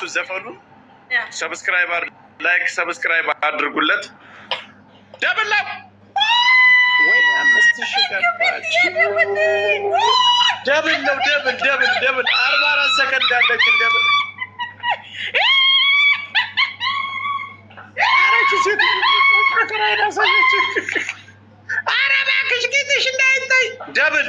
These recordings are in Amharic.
ራሱ ዘፈኑ ሰብስክራይብ ላይክ ሰብስክራይብ አድርጉለት። ደብላ ደብል ነው ደብል ደብል ደብል አርባ አራት ሰከንድ ያለችን ደብል አረ እባክሽ ጌጥሽ እንዳይታይ ደብል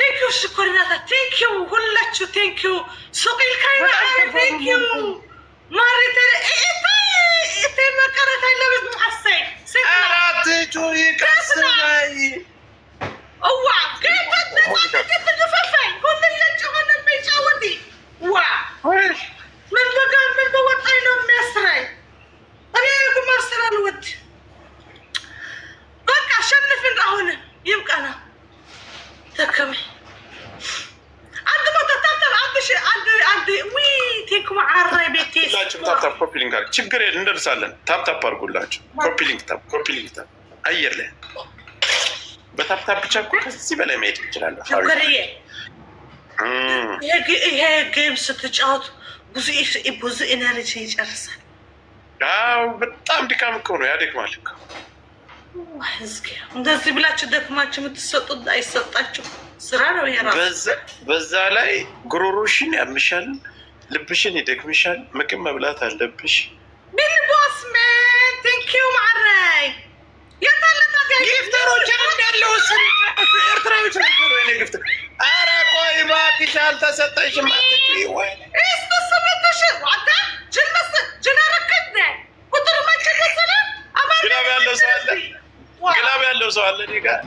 ቴንኪው ሽኮሪናታ ቴንኪው ሁላችሁ ቴንኪው ሱቂል ካይማ ቴንኪው ማሪተ እቴ መቀረት አይለበት አሳይ አራት ጩሪ እዋ ገበት ገበት ገፈፋይ ሆነ ሜጫወቲ ዋ ተከሚ አንድ ቦታ ታጠብ አንድ አንድ ዊ ቴክ ማዓረ ቤቴ ሁላችሁም ታፕታፕ ኮፒ ሊንክ አለ ችግር የለም እንደርሳለን። ታፕታፕ አድርጉላችሁ ኮፒ ሊንክ ታፕ ኮፒ ሊንክ ታፕ አየር ላይ በታፕታፕ ብቻ እኮ ከዚህ በላይ መሄድ እንችላለን። ይሄ ጌም ስትጫወት ብዙ ብዙ ኤነርጂ ይጨርሳል። በጣም ድካም እኮ ነው ያደግማል እኮ እንደዚህ ብላችሁ ደክማችሁ የምትሰጡት አይሰጣችሁ ስራ ነው። በዛ ላይ ጉሮሮሽን ያምሻል፣ ልብሽን ይደክምሻል፣ ምግብ መብላት አለብሽ። ኤርትራዎች ነበሩ። ኧረ ቆይ እባክሽ አልተሰጠሽም።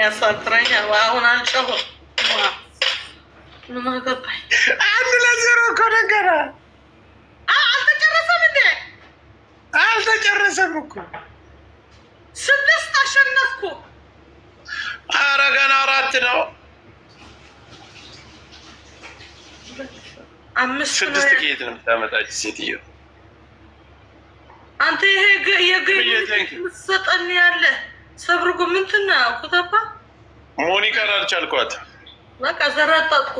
ያሳጥረኛል። አሁን አልጨሁም። ምን አገባኝ? አንድ ለዜሮ እኮ ነገረ አልተጨረሰም እንዴ? አልተጨረሰም እኮ ስድስት አሸነፍኩ። ኧረ ገና አራት ነው። ስድስት ከየት ነው የምታመጣች ሴትዮ? አንተ ይሄ የገ ሰጠን ያለ ሰብር እኮ ምንትን ነው ያልኩት። አባ ሞኒካን አልቻልኳት። በቃ ዘረጠጥኩ።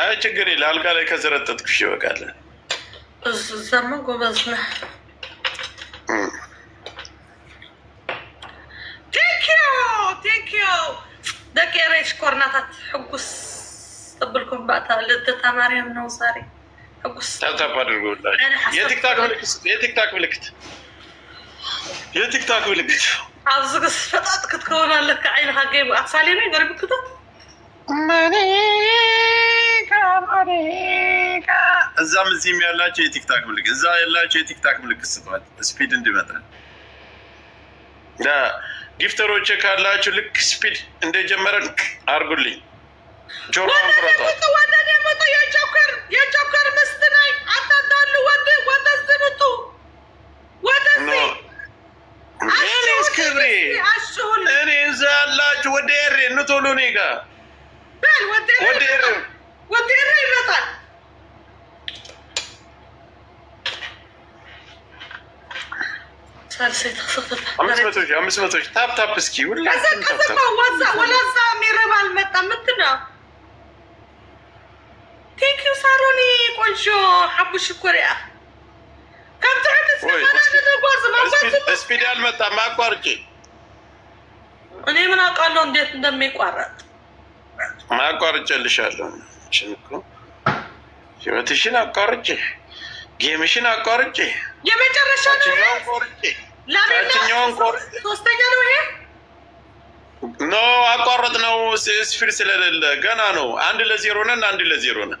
አይ ችግር የለ አልጋ ላይ ከዘረጠጥኩሽ ይበቃል። እዛማ ጎበዝ ነህ። ኮርናታት ሕጉስ ተብልኩም ባታ ልደታ ማርያም ነው ዛሬ ሕጉስ ታብታብ አድርጎላችሁ የቲክታክ ምልክት የቲክታክ ምልክት የቲክታክ ምልክት ኣብዚ ስፈጣት ክትከውን ኣለካ ዓይንካ ገይቡ ኣሳሌ ነው ገርብክቶ እዛም እዚህም ያላቸው የቲክታክ ምልክት እዛ ያላቸው የቲክታክ ምልክት ስቷል፣ ስፒድ እንዲመጣ ጊፍተሮች ካላችሁ ልክ ስፒድ እንደጀመረ አርጉልኝ። ጆሮን ቁረጧል። የጆከር ምስት ናይ አታታሉ ወደ እኔስ ክብሬ እኔ እዛ ያላችሁ ወደ ኤሬ ኑ ቶሎ እኔ ጋ ወደ ኤሬ ወደ ኤሬ ይመጣል። ሳሮኒ ቆንጆ ሀቡሽ ኮሪያ ስፒድ አልመጣም። አቋርጪ። እኔ ምን አውቃለሁ እንዴት እንደሚቋረጥ። አቋርጬልሻለሁ። ህይወትሽን አቋርጬ፣ ጌምሽን አቋርጬ፣ የመጨረሻ ታችኛውን ሶስተኛ ነው ይሄ ኖ አቋረጥ ነው ስፒድ ስለሌለ ገና ነው። አንድ ለዜሮ ነን። አንድ ለዜሮ ነን።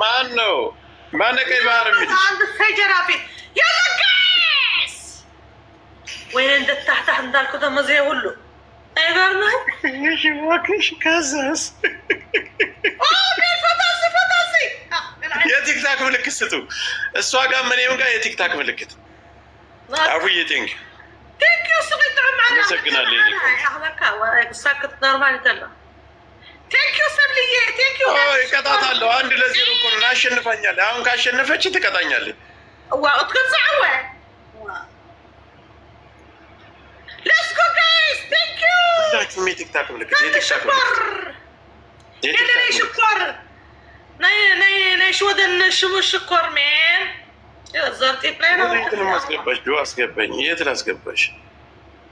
ማን ነው? ማን ቀይ የቲክታክ ምልክት ስጡ። እሷ ጋር እኔም ጋር የቲክታክ ምልክት አፉዬ ቴንኪው አመሰግናለሁ። እቀጣታለሁ። አንድ ለዜሮ እኮ ነው አሸንፋኛለህ። አሁን ካሸነፈች ትቀጣኛለህ። ሽኮር ሜን አስገባሽ አስገባኝ። የትን አስገባሽ?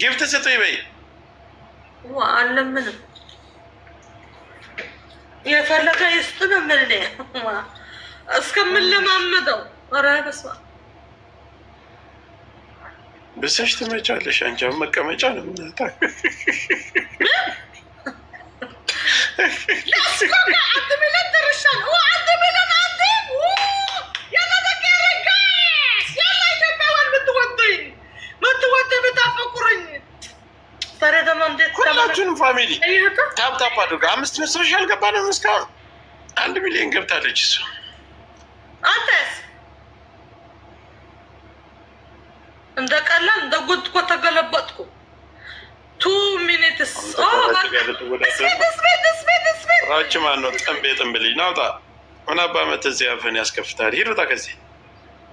ጊፍት ስጡ ይበይ አለምንም የፈለገ ይስጥ ነው የምልህ እስከምንለማመደው። ኧረ በስመ አብ ብሰሽ ትመጫለሽ። አንቺ መቀመጫ ነው ምናታ ቁረኝ። ሁላችሁንም ፋሚሊ ታፕታፕ አድርገ አምስት መሰብሽ አልገባንም እስካሁን አንድ ሚሊዮን ገብታለች እሱ አንተስ እንደ ቀላል እንደ ጎትኮት ተገለበጥኩ። ቱ ሚኒትስ ራች ማን ነው? ጥንቤ ጥንብልኝ ናውጣ ምን አባ እዚህ አፍህን ያስከፍታል። ሂድ ውጣ ከዚህ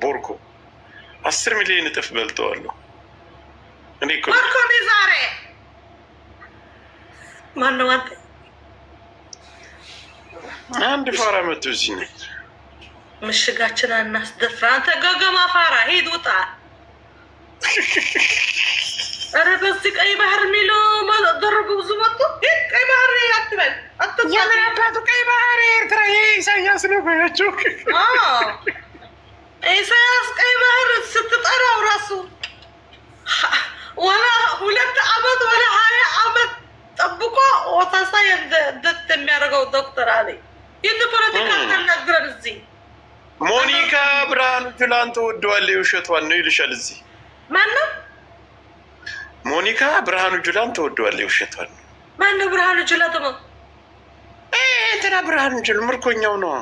ቦርኮ አስር ሚሊዮን እጥፍ በልጠዋለሁ። ኮርኮሜ ዛሬ ማነው አንተ? አንድ ፋራ መቶ እዚህ ነው። ምሽጋችን አናስደፍራ። አንተ ገገማ ፋራ ሂድ ውጣ። ኧረ በዚህ ቀይ ባህር የሚለው ደረጉ ብዙ መጡ። ቀይ ባህር አትበል፣ የምን አባቱ ቀይ ባህር ኤርትራ። ይሄ ኢሳያስ ነው በያቸው። ኢሳያስ ቀይ ባህር ስትጠራው ራሱ ወላ ሁለት አመት ወደ ሀያ አመት ጠብቆ ወታሳ ደት የሚያደርገው ዶክተር አለኝ ይህን ፖለቲካ ታናግረን እዚህ ሞኒካ ብርሃኑ ጁላን ትወደዋለህ የውሸቷን ነው ይልሻል። እዚህ ማነው ሞኒካ ብርሃኑ ጁላን ትወደዋለህ የውሸቷን ማነው ብርሃኑ ጁላ? ተማ እንትና ብርሃኑ ጁላ ምርኮኛው ነው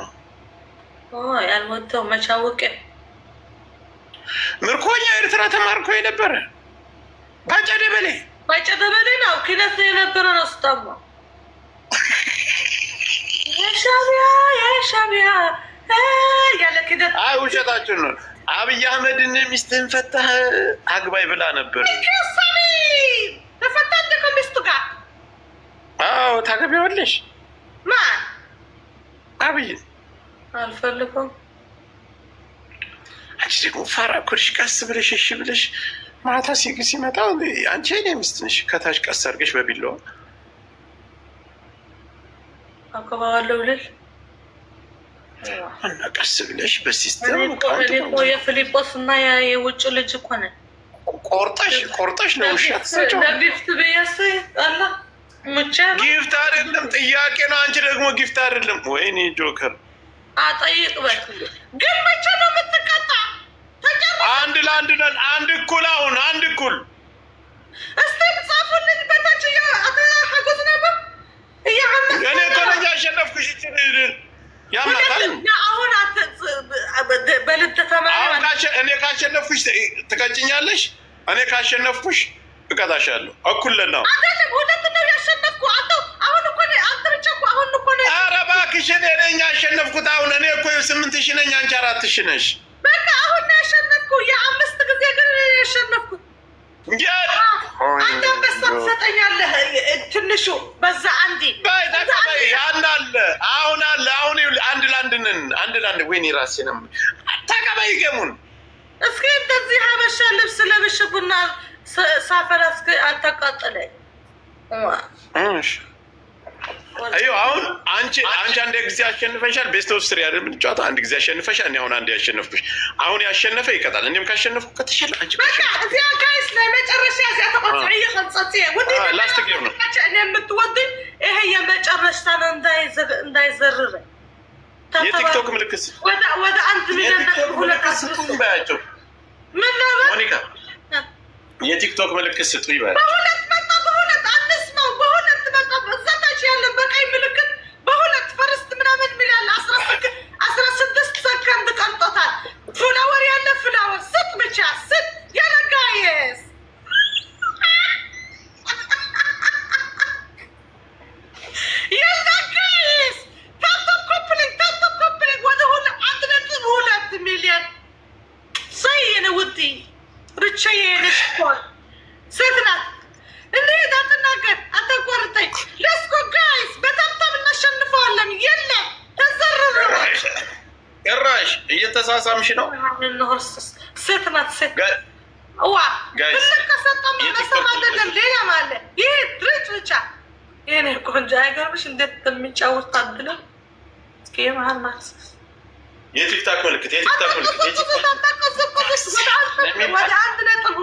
ያልሞተው መቻወቅ ምርኮኛው ኤርትራ ተማርኮ የነበረ ባጨደበሌ ባጨደበሌ ነው ኪነት የነበረ ነው ስታማ የሻቢያ የሻቢያ ያለ ኪነት። አይ ውሸታችን ነው። አብይ አህመድን ሚስትህን ፈታህ አግባይ ብላ ነበር። ተፈታ ከሚስቱ ጋር አዎ፣ ታገቢዋለሽ። ማን አብይ አልፈልኩም። አንቺ ደግሞ ፋራ ኮልሽ ቀስ ብለሽ እሺ ብለሽ ማታ ሲመጣ አንቺ ኔ ሚስት ነሽ፣ ከታች ቀስ አድርገሽ በቢላዋ አቀባዋለሁ ልል እና ቀስ ብለሽ በሲስተም የፊሊጶስ እና የውጭ ልጅ እኮ ነን። ቆርጠሽ ቆርጠሽ ለውሻ ትሰጪው ለጊፍት ብያስ አላ ጊፍት አይደለም ጥያቄ ነው። አንቺ ደግሞ ጊፍት አይደለም። ወይኔ ጆከር አጠይቅ በል ግን መቼ ነው አንድ ነን። አንድ እኩል አሁን አንድ እኩል እስቲ ጻፉልኝ በታች ሀጎስ ነበር እኔ ኮለጅ አሸነፍኩሽ ይችልልን ያመጣል ካሸነፍኩሽ ትቀጭኛለሽ። እኔ ካሸነፍኩሽ እቀጣሻለሁ። እኩል ለናው አይደለም ሁለት ነው ያሸነፍኩ አቶ አሁን እኮ አንተ እኮ አሁን እኮ ኧረ እባክሽ እኔ ነኝ ያሸነፍኩት። አሁን እኔ እኮ ስምንት ሺህ ነኝ፣ አንቺ አራት ሺህ ነሽ። አንተ አንበሳ ትሰጠኛለህ። ትንሹ በዛ አንዴ አለ አሁን አለ አሁን አንድ ለአንድንን አንድ ለአንድ ወይኔ ራሴ ነው ተቀበይ ገሙን እስኪ እንደዚህ ሀበሻ ልብስ ለብሽ ቡና ሳፈራ እስኪ አታቃጥለኝ። ይኸው አሁን አንቺ አንቺ አንድ ጊዜ አሸንፈሻል። ቤስት ኦፍ ስሪ አይደል የምንጫወተው? አንድ ጊዜ አሸንፈሻል። እኔ አሁን አንድ ያሸነፍኩሽ። አሁን ያሸነፈ ይቀጣል። እኔም ካሸነፍኩ ከተሻለ አንቺ ላስት ነው የምትወድኝ። ይሄ የመጨረሻ እንዳይዘርረ የቲክቶክ ምልክት ወደ አንድ ሚሊዮን በያቸው። ምን ሞኒካ የቲክቶክ ምልክት ስጡ ይበል bitch ass. Sit. You're the guy ሴት ናት። እንዴት አትናገር፣ ለስኮ ጋይስ በታብታብ የለም ጭራሽ እየተሳሳምሽ ነው። ሴት ናት ሴት ዋ ትልቅ ከሰጠ አይደለም ሌላ ማለ ድርጭ ብቻ ይህኔ ቆንጆ አይገርምሽ? እንዴት የሚጫወት ታድለ እስኪ የቲክታክ ምልክት የቲክታክ ምልክት ወደ አንድ ነጥብ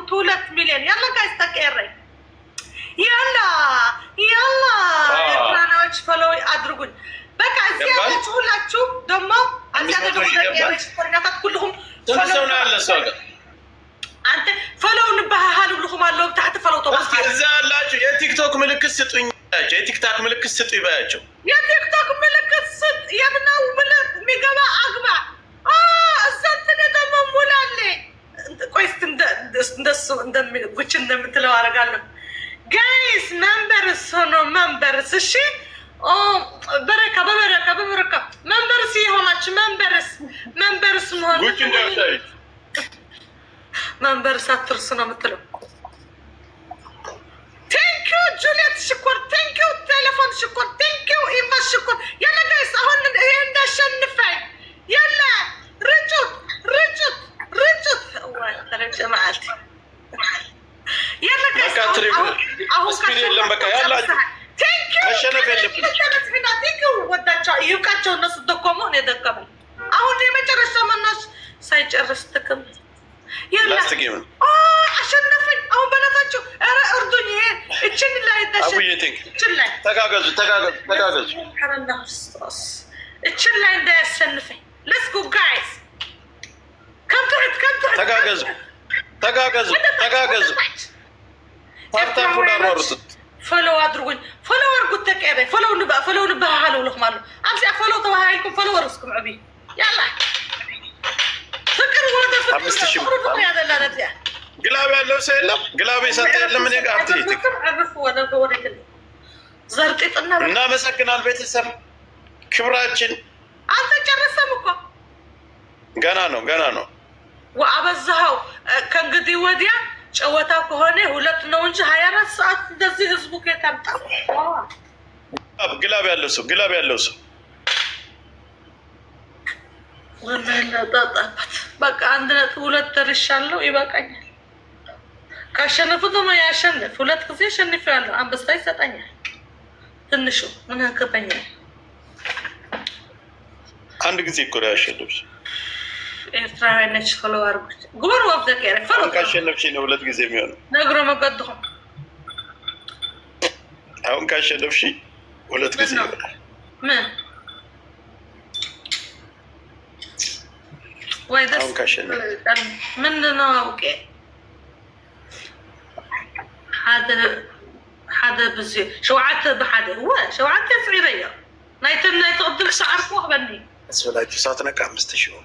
እዛ ያላችሁ የቲክቶክ ምልክት ስጡኝ በያቸው፣ የቲክታክ ምልክት ስጡኝ በያቸው። የቲክቶክ ምልክት ስጥ የምናው ብለህ የሚገባ አግባ እንደምትለው አደርጋለሁ። ጋይስ መንበርስ ሆኖ መንበርስ እሺ በረካ በበረካ በበረካ መንበርስ የሆናች መንበርስ መንበርስ መሆን መንበርስ አትርስ ነው የምትለው። ቴንኪዩ ጁሊየት ሽኮር፣ ቴንኪዩ ቴሌፎን ሽኮር፣ ቴንኪዩ ኢንቫ ሽኮር። ያለ አሁን ይሄ እንዳሸንፋኝ ያለ ርጩት ርጩት ርጩት ዋረጀ መዓልቲ ያለ ጋይስ አሁን ካሸንፋ መሸነፍ የለብንም። ወዳቸው ይብቃቸው። እነሱ ደከሙ፣ እኔ ደከመኝ። አሁን የመጨረሻ መናሽ ሳይጨርስ ጥቅም አሸነፈኝ። አሁን በላታቸው እርዱኝ። እችን ላይ ተጋገዙ፣ ተጋገዙ፣ እችን ላይ እንዳያሸንፈኝ። ለስ ጎ ጋይስ፣ ከምትት ከምትት ተጋገዙ፣ ተጋገዙ፣ ተጋገዙ። ታብታቡን አሯሩጡት ፈለው አድርጉኝ። ፈለው አርጉት ተቀበ ፈለው ንባ ፈለው ንባ ሃለው ለኹም አሉ ፈለው ተባሃይልኩም ፈለው ወርስኩም ዕቢ ያላ ፍቅር ወደ ፍቅር ያዘላለት ያ ግላብ ያለው ሰው የለም። ግላብ የሰጠ የለም። እኔ ጋር ትይትክ እናመሰግናል። ቤተሰብ ክብራችን አልተጨረሰም እኮ ገና ነው፣ ገና ነው። ወአበዛኸው ከእንግዲህ ወዲያ ጨወታ ከሆነ ሁለት ነው እንጂ ሀያ አራት ሰዓት እንደዚህ ህዝቡ ከታምጣ ግላብ ያለው ሰው ግላብ ያለው ሰው በቃ አንድ ነጥብ ሁለት ደርሻለሁ። ይበቃኛል። ካሸነፉ ደሞ ያሸንፍ። ሁለት ጊዜ ሸንፍ አሸንፌያለሁ። አንበሳ ይሰጠኛል። ትንሹ ምን ያገባኛል? አንድ ጊዜ እኮ ነው ያሸነፍሽ። ኤርትራውያን ነች ፎሎ ጉበር ወብዘት ያረ ፎሎ ካሸነፍሽኝ ነው ሁለት ጊዜ የሚሆነው ነግሮ መቀጥኩም አሁን ካሸነፍሽኝ ሁለት ጊዜ ይሆናል። አውቄ ሓደ ሓደ ብዝ ሸውዓተ ብሓደ ወ ሸውዓተ ፍዒረዮ ናይቶም ናይቶ ቅድም ክሳዓርኩ ክበኒ ኣስፈላጁ ሳትነቃ ምስተ ሽሆኑ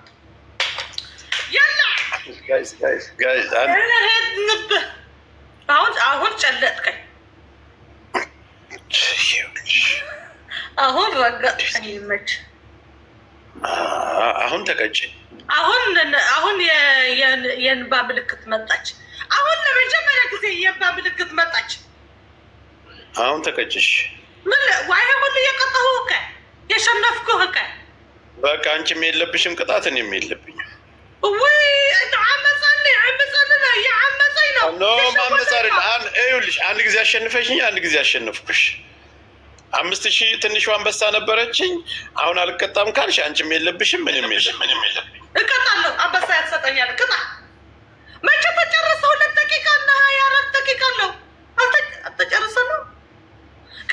አሁን ጨለጥከኝ፣ አሁን ረገጥከኝ። አሁን ተቀጭ። አሁን አሁን የእንባ ምልክት መጣች። አሁን ለመጀመሪያ ጊዜ የእንባ ምልክት መጣች። አሁን ተቀጭሽ። ምን ዋይ ሁሉ የቀጠሁ ከ የሸነፍኩህ ከ በቃ አንቺም የለብሽም ቅጣትን የሚልብኝ ይኸውልሽ አንድ ጊዜ አሸንፈሽኝ፣ አንድ ጊዜ አሸንፍኩሽ። አምስት ሺህ ትንሿ አንበሳ ነበረችኝ። አሁን አልቀጣም ካልሽ አንቺም የለብሽም ምንም የለም እቀጣለሁ። አንበሳ ያሰጠኛል። ቅጣ መቼ ተጨረሰ? ሁለት ደቂቃ እና ሀያ አራት ደቂቃ አለው። አልተጨረሰ ነው።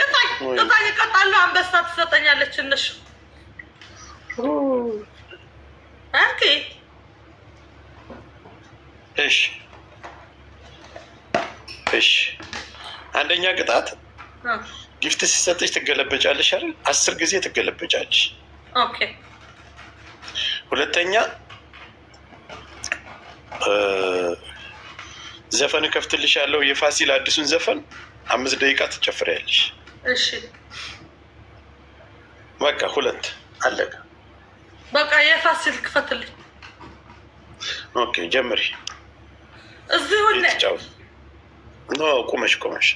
ቅጣኝ፣ ቅጣኝ፣ እቀጣለሁ። አንበሳ ትሰጠኛለች። እነሱ ኦኬ እሺ እሺ። አንደኛ ቅጣት ጊፍት ሲሰጥሽ ትገለበጫለሽ አይደል? አስር ጊዜ ትገለበጫለሽ። ሁለተኛ ዘፈን ከፍትልሽ ያለው የፋሲል አዲሱን ዘፈን አምስት ደቂቃ ትጨፍሪያለሽ። በቃ ሁለት አለቀ። በቃ የፋሲል ክፈትልኝ። ኦኬ ጀምሪ። እዚሁ ቁመሽ ቁመሽ